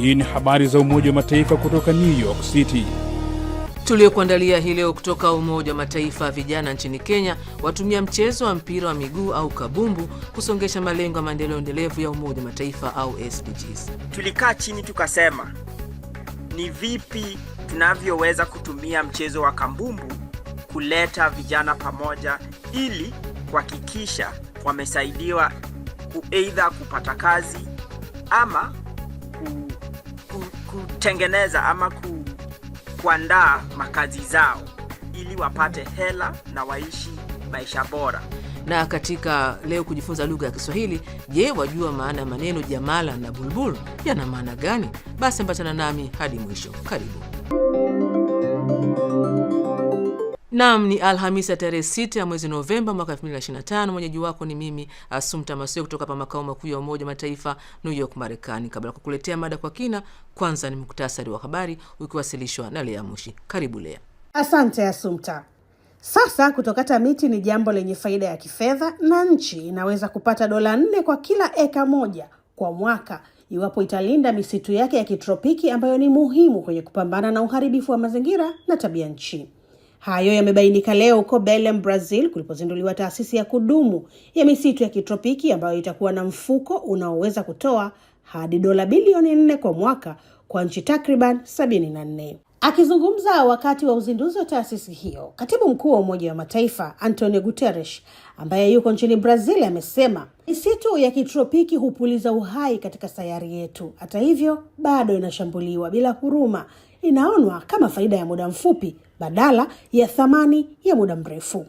Hii ni habari za Umoja wa Mataifa kutoka New York City tuliokuandalia hii leo. Kutoka Umoja wa Mataifa, vijana nchini Kenya watumia mchezo wa mpira wa miguu au kabumbu kusongesha malengo ya maendeleo endelevu ya Umoja wa Mataifa au SDGs. Tulikaa chini tukasema ni vipi tunavyoweza kutumia mchezo wa kambumbu kuleta vijana pamoja ili kuhakikisha wamesaidiwa kueidha kupata kazi ama kutengeneza ama ku, kuandaa makazi zao ili wapate hela na waishi maisha bora. Na katika leo kujifunza lugha ya Kiswahili, je, wajua maana ya maneno jamala na bulbul yana maana gani? Basi ambatana nami hadi mwisho. Karibu nam ni Alhamisi ya tarehe sita ya mwezi Novemba mwaka tano Mwenyeji wako ni mimi Asumta uh, Masio kutoka pa makao makuu ya Umoja Mataifa New York, Marekani. Kabla ya kukuletea mada kwa kina, kwanza ni muktasari wa habari ukiwasilishwa na Lea Mushi. Karibu Lea. Asante Asumta. Sasa kutokata miti ni jambo lenye faida ya kifedha na nchi inaweza kupata dola nne kwa kila eka moja kwa mwaka iwapo italinda misitu yake ya kitropiki ambayo ni muhimu kwenye kupambana na uharibifu wa mazingira na tabia nchi. Hayo yamebainika leo huko Belem, Brazil, kulipozinduliwa taasisi ya kudumu ya misitu ya kitropiki ambayo itakuwa na mfuko unaoweza kutoa hadi dola bilioni nne kwa mwaka kwa nchi takriban nne. Akizungumza wakati wa uzinduzi wa taasisi hiyo, katibu mkuu wa Umoja wa Mataifa Antonio Guterres ambaye yuko nchini Brazil amesema misitu ya kitropiki hupuliza uhai katika sayari yetu. Hata hivyo, bado inashambuliwa bila huruma, inaonwa kama faida ya muda mfupi badala ya thamani ya muda mrefu.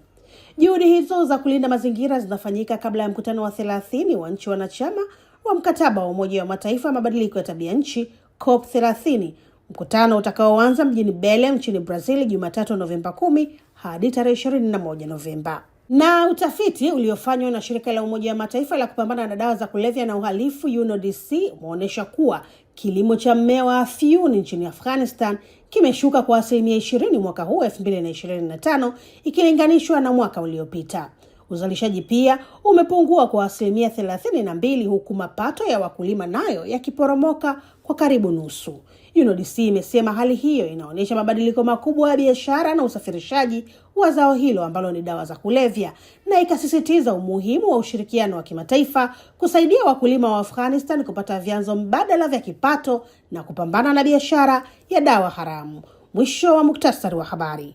Juhudi hizo za kulinda mazingira zinafanyika kabla ya mkutano wa thelathini wa nchi wanachama wa mkataba wa Umoja wa Mataifa ya mabadiliko ya tabia nchi COP 30, mkutano utakaoanza mjini Belem nchini Brazil Jumatatu Novemba 10 hadi tarehe 21 Novemba. Na utafiti uliofanywa na shirika la Umoja wa Mataifa la kupambana na dawa za kulevya na uhalifu UNODC umeonyesha kuwa kilimo cha mmea wa afyuni nchini Afghanistan kimeshuka kwa asilimia 20 mwaka huu 2025 ikilinganishwa na mwaka uliopita. Uzalishaji pia umepungua kwa asilimia thelathini na mbili huku mapato ya wakulima nayo yakiporomoka kwa karibu nusu. UNODC imesema hali hiyo inaonyesha mabadiliko makubwa ya biashara na usafirishaji wa zao hilo ambalo ni dawa za kulevya, na ikasisitiza umuhimu wa ushirikiano wa kimataifa kusaidia wakulima wa Afghanistan kupata vyanzo mbadala vya kipato na kupambana na biashara ya dawa haramu. Mwisho wa muktasari wa habari.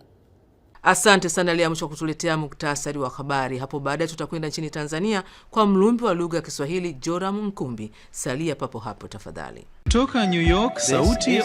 Asante sana Liamsho kwa kutuletea muktasari wa habari. Hapo baadaye tutakwenda nchini Tanzania kwa mlumbi wa lugha ya Kiswahili Joram Nkumbi. Salia papo hapo tafadhali. Kutoka New York, sauti ya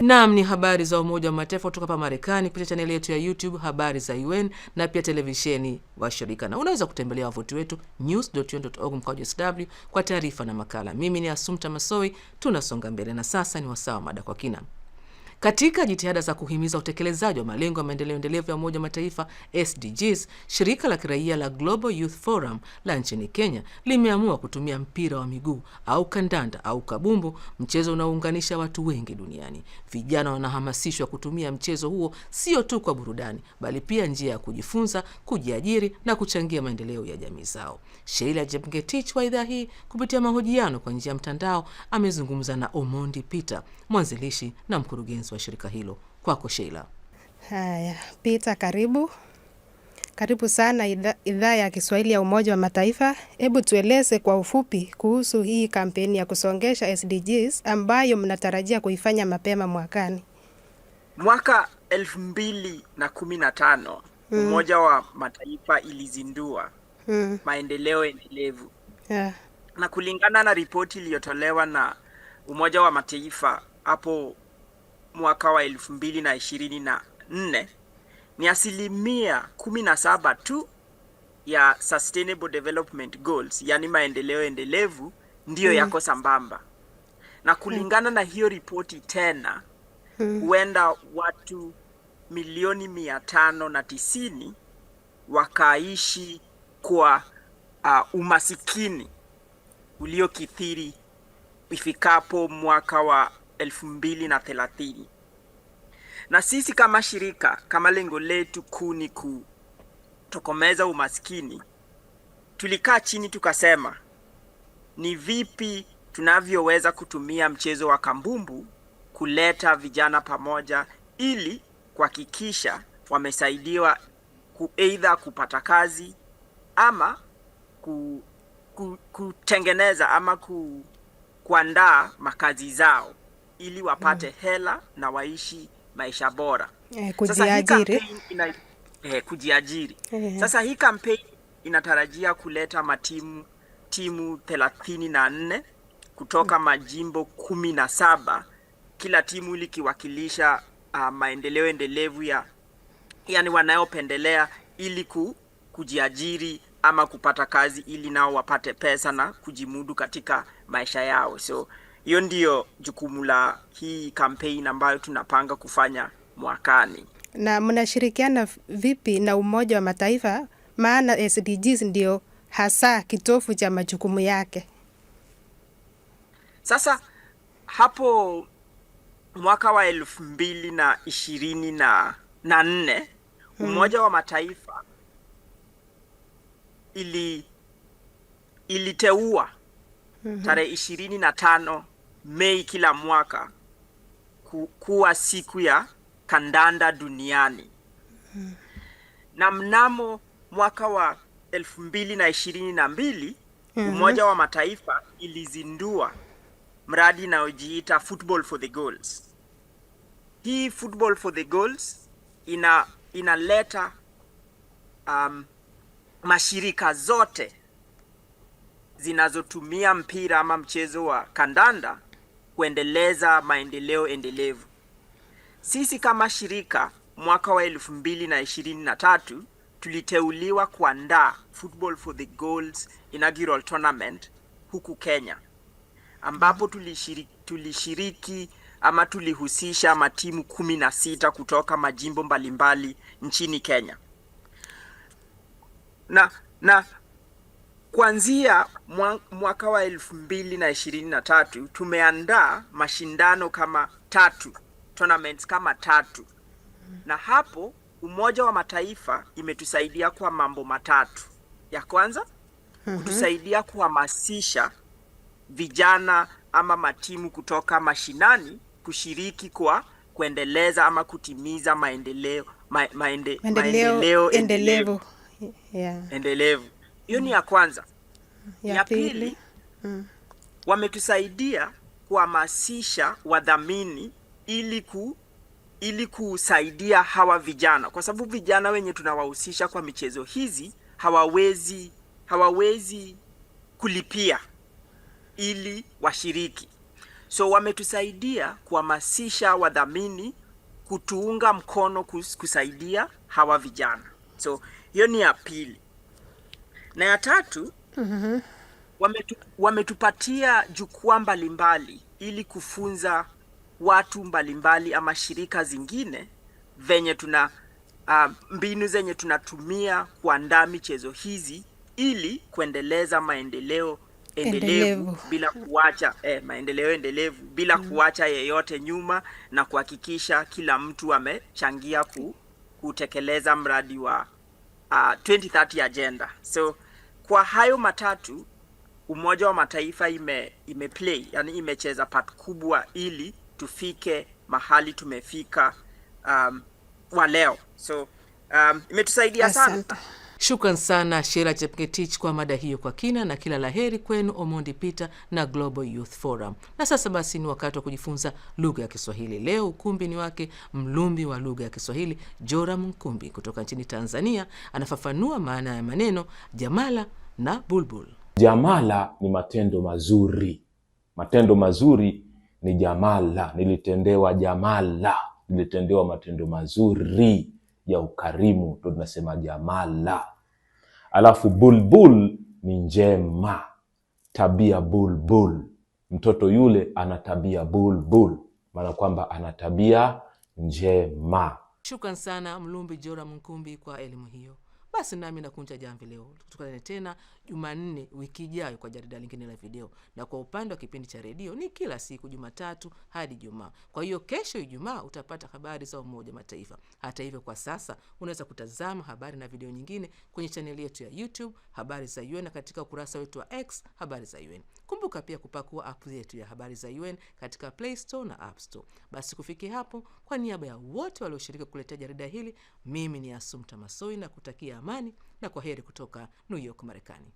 nam ni habari za Umoja wa Mataifa kutoka hapa Marekani kupitia chaneli yetu ya YouTube habari za UN na pia televisheni shirika na unaweza kutembelea wavuti wetu news.un.org mkwaju sw kwa taarifa na makala. Mimi ni Asumta Masoi, tunasonga mbele na sasa ni wasaa wa mada kwa kina. Katika jitihada za kuhimiza utekelezaji wa malengo ya maendeleo endelevu ya Umoja wa Mataifa SDGs, shirika la kiraia la Global Youth Forum la nchini Kenya limeamua kutumia mpira wa miguu au kandanda au kabumbu, mchezo unaounganisha watu wengi duniani. Vijana wanahamasishwa kutumia mchezo huo sio tu kwa burudani, bali pia njia ya kujifunza, kujiajiri na kuchangia maendeleo ya jamii zao. Sheila Jemgetich wa idhaa hii kupitia mahojiano kwa njia ya mtandao amezungumza na Omondi Peter, mwanzilishi na mkurugenzi wa shirika hilo. Kwako Sheila. Haya, Peter, karibu karibu sana idhaa ya Kiswahili ya Umoja wa Mataifa. Hebu tueleze kwa ufupi kuhusu hii kampeni ya kusongesha SDGs ambayo mnatarajia kuifanya mapema mwakani. Mwaka elfu mbili na kumi na tano mm. Umoja wa Mataifa ilizindua mm. maendeleo endelevu yeah. na kulingana na ripoti iliyotolewa na Umoja wa Mataifa hapo mwaka wa elfu mbili na ishirini na nne ni asilimia kumi na saba tu ya Sustainable Development Goals, yani maendeleo endelevu ndiyo mm. yako sambamba na kulingana mm. na hiyo ripoti tena mm. huenda mm. watu milioni mia tano na tisini wakaishi kwa uh, umasikini uliokithiri ifikapo mwaka wa elfu mbili na thelathini. Na sisi kama shirika, kama lengo letu kuu ni kutokomeza umaskini, tulikaa chini tukasema ni vipi tunavyoweza kutumia mchezo wa kambumbu kuleta vijana pamoja ili kuhakikisha wamesaidiwa eidha kupata kazi ama ku, ku, kutengeneza ama ku, kuandaa makazi zao ili wapate mm. hela na waishi maisha bora eh, kujiajiri. Sasa, eh, ina, Eh. eh. Sasa inatarajia kuleta matimu timu thelathini na nne kutoka mm. majimbo kumi na saba kila timu likiwakilisha uh, maendeleo endelevu ya yani wanayopendelea ili ku, kujiajiri ama kupata kazi ili nao wapate pesa na kujimudu katika maisha yao so hiyo ndiyo jukumu la hii kampeni ambayo tunapanga kufanya mwakani. Na mnashirikiana vipi na Umoja wa Mataifa? Maana SDGs ndio hasa kitofu cha majukumu yake. Sasa hapo mwaka wa elfu mbili na ishirini na na nne hmm. Umoja hmm, wa Mataifa ili iliteua -hmm. tarehe ishirini na tano Mei kila mwaka kuwa siku ya kandanda duniani mm -hmm. na mnamo mwaka wa elfu mbili na ishirini na mbili mm -hmm. Umoja wa Mataifa ilizindua mradi inayojiita Football for the Goals. Hii Football for the Goals ina inaleta um, mashirika zote zinazotumia mpira ama mchezo wa kandanda kuendeleza maendeleo endelevu. Sisi kama shirika mwaka wa elfu mbili na ishirini na tatu tuliteuliwa kuandaa Football for the Goals inaugural tournament huku Kenya, ambapo tulishiriki, tulishiriki ama tulihusisha matimu kumi na sita kutoka majimbo mbalimbali nchini Kenya na na Kuanzia mwaka wa elfu mbili na ishirini na tatu tumeandaa mashindano kama tatu, tournaments kama tatu, na hapo Umoja wa Mataifa imetusaidia kwa mambo matatu. Ya kwanza mhm. kutusaidia kuhamasisha vijana ama matimu kutoka mashinani kushiriki kwa kuendeleza ama kutimiza maendeleo ma, maende, maendeleo endelevu, endelevu. Yeah. endelevu. Hiyo ni ya kwanza. Ya, ya pili, pili mm, wametusaidia kuhamasisha wadhamini ili ku ili kusaidia hawa vijana, kwa sababu vijana wenye tunawahusisha kwa michezo hizi hawawezi hawawezi kulipia ili washiriki, so wametusaidia kuhamasisha wadhamini kutuunga mkono kus, kusaidia hawa vijana. So hiyo ni ya pili na ya tatu mm -hmm. wametu, wametupatia jukwaa mbalimbali ili kufunza watu mbalimbali ama shirika zingine venye tuna uh, mbinu zenye tunatumia kuandaa michezo hizi ili kuendeleza maendeleo endelevu, endelevu. bila kuacha eh, maendeleo endelevu bila mm. kuacha yeyote nyuma na kuhakikisha kila mtu amechangia ku, kutekeleza mradi wa uh, 2030 agenda. So kwa hayo matatu Umoja wa Mataifa ime, ime play yani imecheza part kubwa ili tufike mahali tumefika um, wa leo so um, imetusaidia sana. Shukran sana Shera Chepketich kwa mada hiyo kwa kina, na kila laheri kwenu Omondi Peter na Global Youth Forum. Na sasa basi ni wakati wa kujifunza lugha ya Kiswahili. Leo ukumbi ni wake mlumbi wa lugha ya Kiswahili Joram mkumbi kutoka nchini Tanzania, anafafanua maana ya maneno jamala na bulbul. Jamala ni matendo mazuri, matendo mazuri ni jamala. Nilitendewa jamala, nilitendewa matendo mazuri ya ukarimu, ndo tunasema jamala. Alafu bulbul ni njema, tabia bulbul, mtoto yule ana tabia bulbul, maana kwamba ana tabia njema. Shukran sana Mlumbi Joram Nkumbi kwa elimu hiyo basi nami nakunja jamvi leo. Tukutane tena Jumanne wiki ijayo kwa jarida lingine la video, na kwa upande wa kipindi cha redio ni kila siku Jumatatu hadi Ijumaa. Kwa hiyo kesho Ijumaa utapata habari za Umoja Mataifa. Hata hivyo, kwa sasa unaweza kutazama habari na video nyingine kwenye chaneli yetu ya YouTube habari za UN na katika ukurasa wetu wa X habari za UN. Kumbuka pia kupakua app yetu ya habari za UN katika Play Store na App Store. Basi kufikia hapo, kwa niaba ya wote walioshiriki kuletea jarida hili, mimi ni Asumta Masoi na kutakia amani, na kwa heri kutoka New York, Marekani.